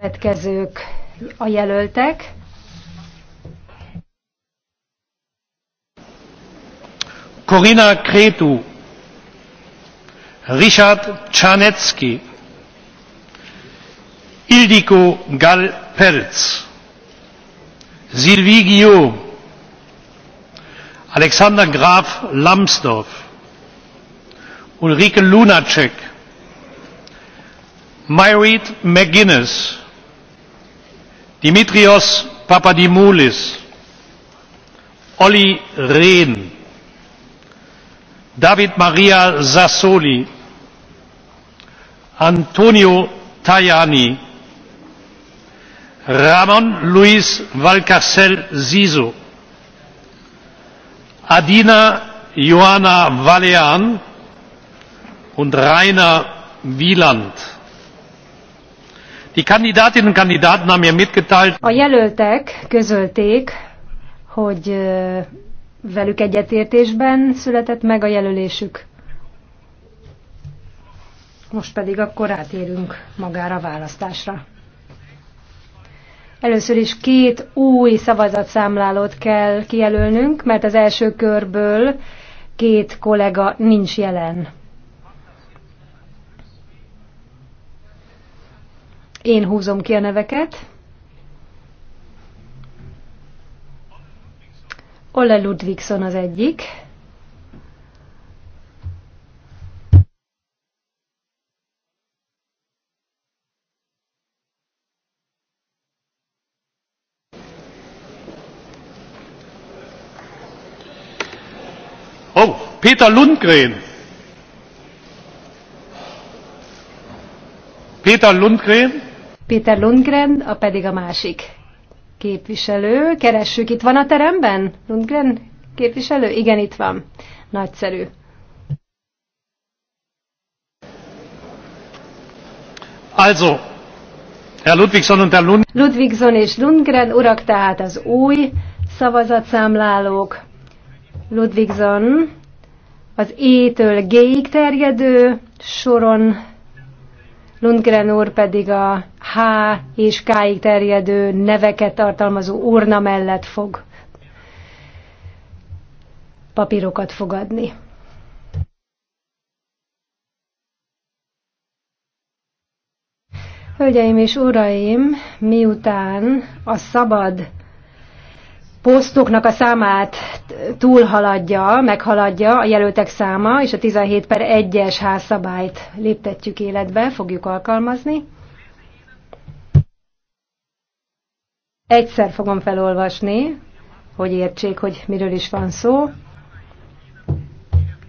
Következők a jelöltek. Corina Kretu, Richard Czarnecki, Ildiko gal Sylvie Guillaume, Alexander Graf Lambsdorff, Ulrike Lunacek, Myrit McGuinness, Dimitrios Papadimoulis, Olli Rehn, David Maria Sassoli, Antonio Tajani, Ramon Luis valcrcel Siso, Adina Joana Valean und Rainer Wieland. Die Kandidatinnen und Kandidaten haben mir mitgeteilt. A jelöltek közölték, hogy velük egyetértésben született meg a jelölésük. Most pedig akkor átérünk magára a választásra. Először is két új szavazatszámlálót kell kijelölnünk, mert az első körből két kollega nincs jelen. Én húzom ki a neveket. Ole Ludvigson az egyik. Oh, Peter Lundgren. Peter Lundgren. Péter Lundgren, a pedig a másik képviselő. Keressük, itt van a teremben? Lundgren képviselő? Igen, itt van. Nagyszerű. Also, Herr Ludwigson und Herr Lund Ludwigson és Lundgren urak tehát az új szavazatszámlálók. Ludwigson az E-től G-ig terjedő soron Lundgren úr pedig a H és k terjedő neveket tartalmazó urna mellett fog papírokat fogadni. Hölgyeim és uraim, miután a szabad posztoknak a számát túlhaladja, meghaladja a jelöltek száma, és a 17 per 1-es házszabályt léptetjük életbe, fogjuk alkalmazni. Egyszer fogom felolvasni, hogy értsék, hogy miről is van szó.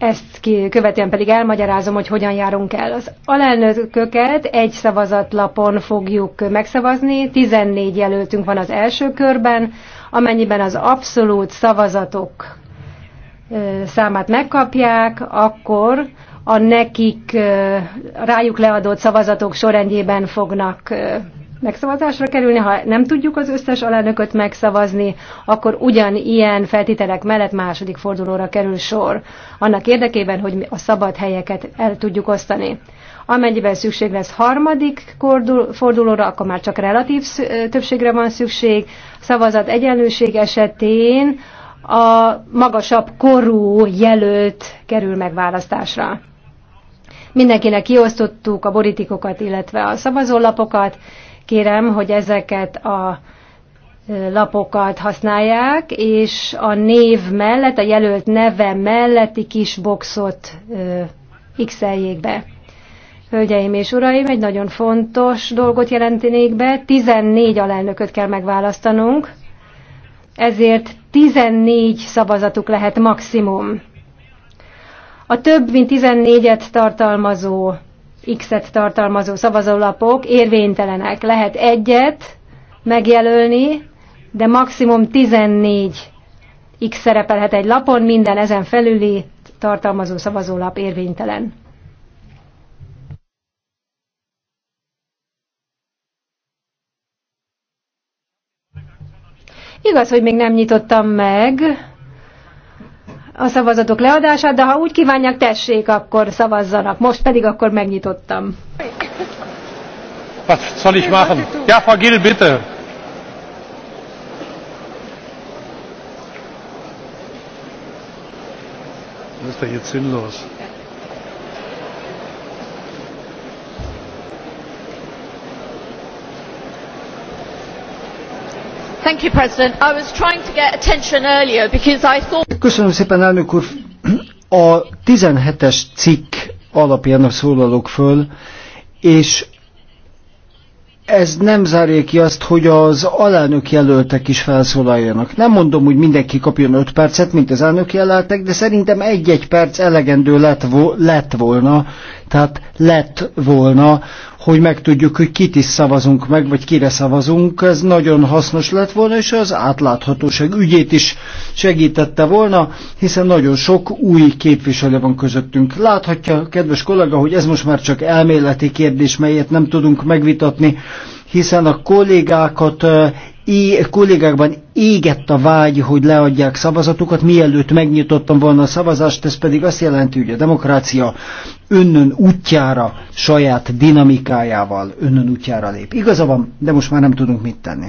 Ezt ki, követően pedig elmagyarázom, hogy hogyan járunk el. Az alelnököket egy szavazatlapon fogjuk megszavazni, 14 jelöltünk van az első körben, amennyiben az abszolút szavazatok számát megkapják, akkor a nekik rájuk leadott szavazatok sorrendjében fognak megszavazásra kerülni. Ha nem tudjuk az összes alelnököt megszavazni, akkor ugyanilyen feltételek mellett második fordulóra kerül sor, annak érdekében, hogy a szabad helyeket el tudjuk osztani. Amennyiben szükség lesz harmadik fordulóra, akkor már csak relatív többségre van szükség. Szavazat egyenlőség esetén a magasabb korú jelölt kerül megválasztásra. Mindenkinek kiosztottuk a borítékokat, illetve a szavazólapokat kérem, hogy ezeket a e, lapokat használják, és a név mellett, a jelölt neve melletti kis boxot e, x be. Hölgyeim és uraim, egy nagyon fontos dolgot jelentenék be, 14 alelnököt kell megválasztanunk, ezért 14 szavazatuk lehet maximum. A több mint 14-et tartalmazó X-et tartalmazó szavazólapok érvénytelenek. Lehet egyet megjelölni, de maximum 14 X szerepelhet egy lapon, minden ezen felüli tartalmazó szavazólap érvénytelen. Igaz, hogy még nem nyitottam meg a szavazatok leadását, de ha úgy kívánják, tessék, akkor szavazzanak. Most pedig akkor megnyitottam. Was soll ich machen? Ja, Frau Gill, bitte. Das ist doch jetzt sinnlos. Köszönöm szépen, elnök úr. A 17-es cikk alapján szólalok föl, és ez nem zárja ki azt, hogy az alelnök jelöltek is felszólaljanak. Nem mondom, hogy mindenki kapjon 5 percet, mint az elnök jelöltek, de szerintem egy-egy perc elegendő lett, vo- lett volna, tehát lett volna hogy megtudjuk, hogy kit is szavazunk meg, vagy kire szavazunk. Ez nagyon hasznos lett volna, és az átláthatóság ügyét is segítette volna, hiszen nagyon sok új képviselő van közöttünk. Láthatja, kedves kollega, hogy ez most már csak elméleti kérdés, melyet nem tudunk megvitatni, hiszen a kollégákat eh, é, kollégákban égett a vágy, hogy leadják szavazatukat, mielőtt megnyitottam volna a szavazást, ez pedig azt jelenti, hogy a demokrácia önnön útjára, saját dinamikájával önnön útjára lép. Igaza van, de most már nem tudunk mit tenni.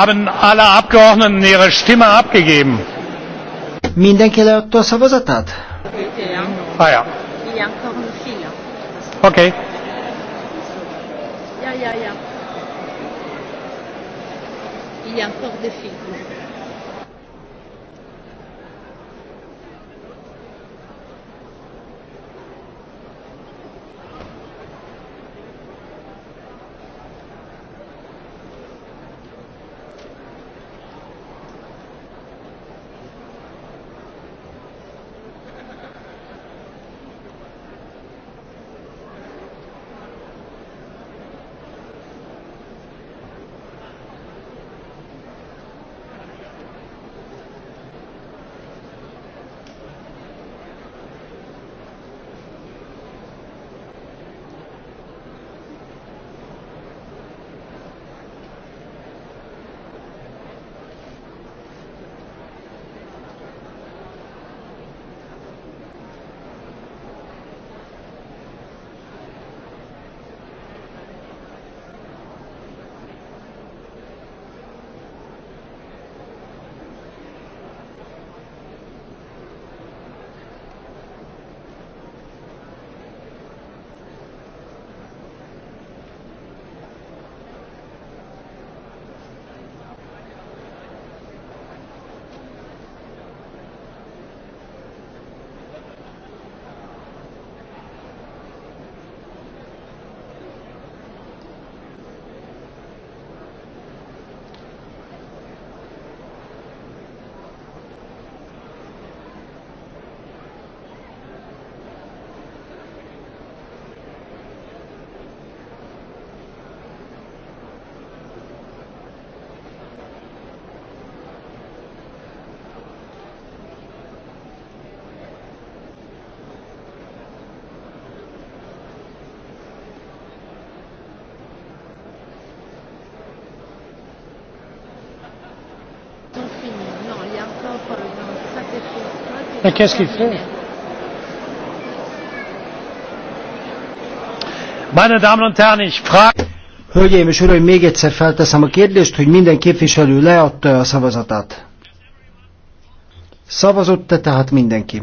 Haben alle Abgeordneten ihre Stimme abgegeben? Mindenki leadta a szavazatát? Ah, ja. Oké. Okay. Ja, ja, ja. Il y a encore des filles. Mais qu'est-ce qu'il fait Meine Damen und Herren, ich frage... Hölgyeim és Uraim, még egyszer felteszem a kérdést, hogy minden képviselő leadta a szavazatát. Szavazott-e tehát mindenki?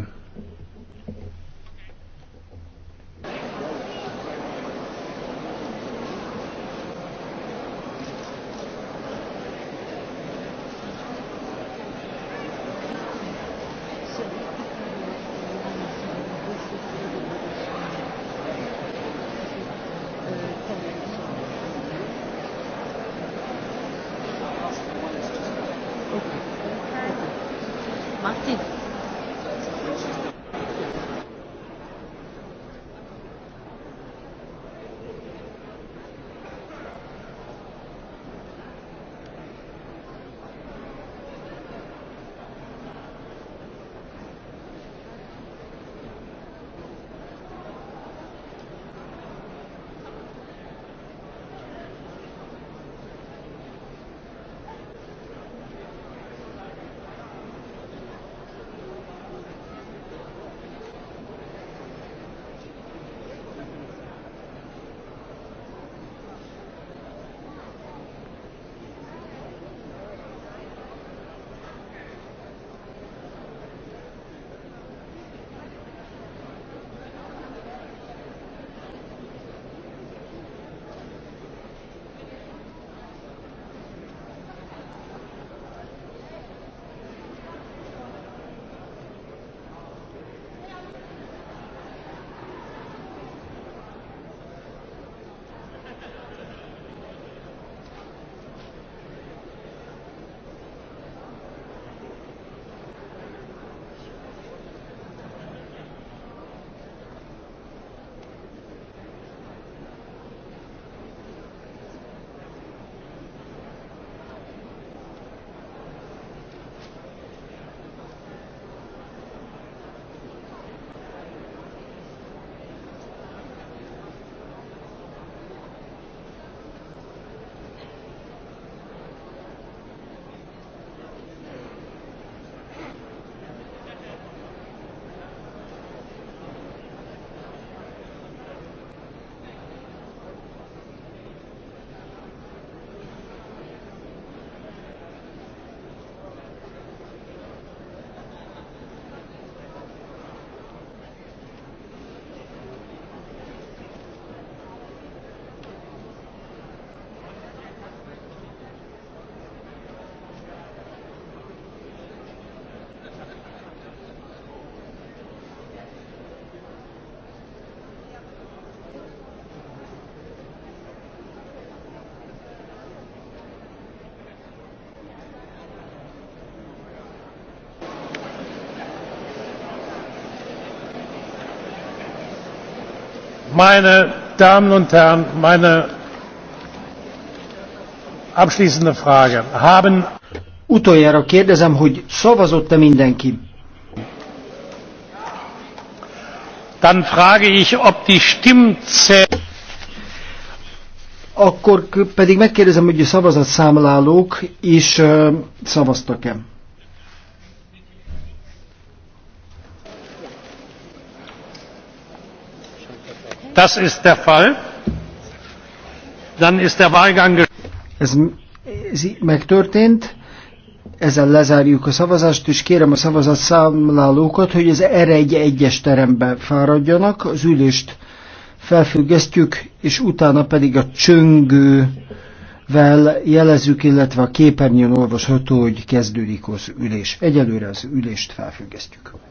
meine damen und herren meine abschließende frage haben utoljára kérdezem hogy szavazott e mindenki dann frage ich ob die stimmzähl akkor pedig megkérdezem, hogy a szavazatszámlálók is uh, szavaztak-e. das ist der fall dann ist der wahlgang ez, ez megtörtént, ezzel lezárjuk a szavazást, és kérem a szavazatszámlálókat, hogy az erre egy egyes terembe fáradjanak, az ülést felfüggesztjük, és utána pedig a csöngővel jelezzük, illetve a képernyőn olvasható, hogy kezdődik az ülés. Egyelőre az ülést felfüggesztjük.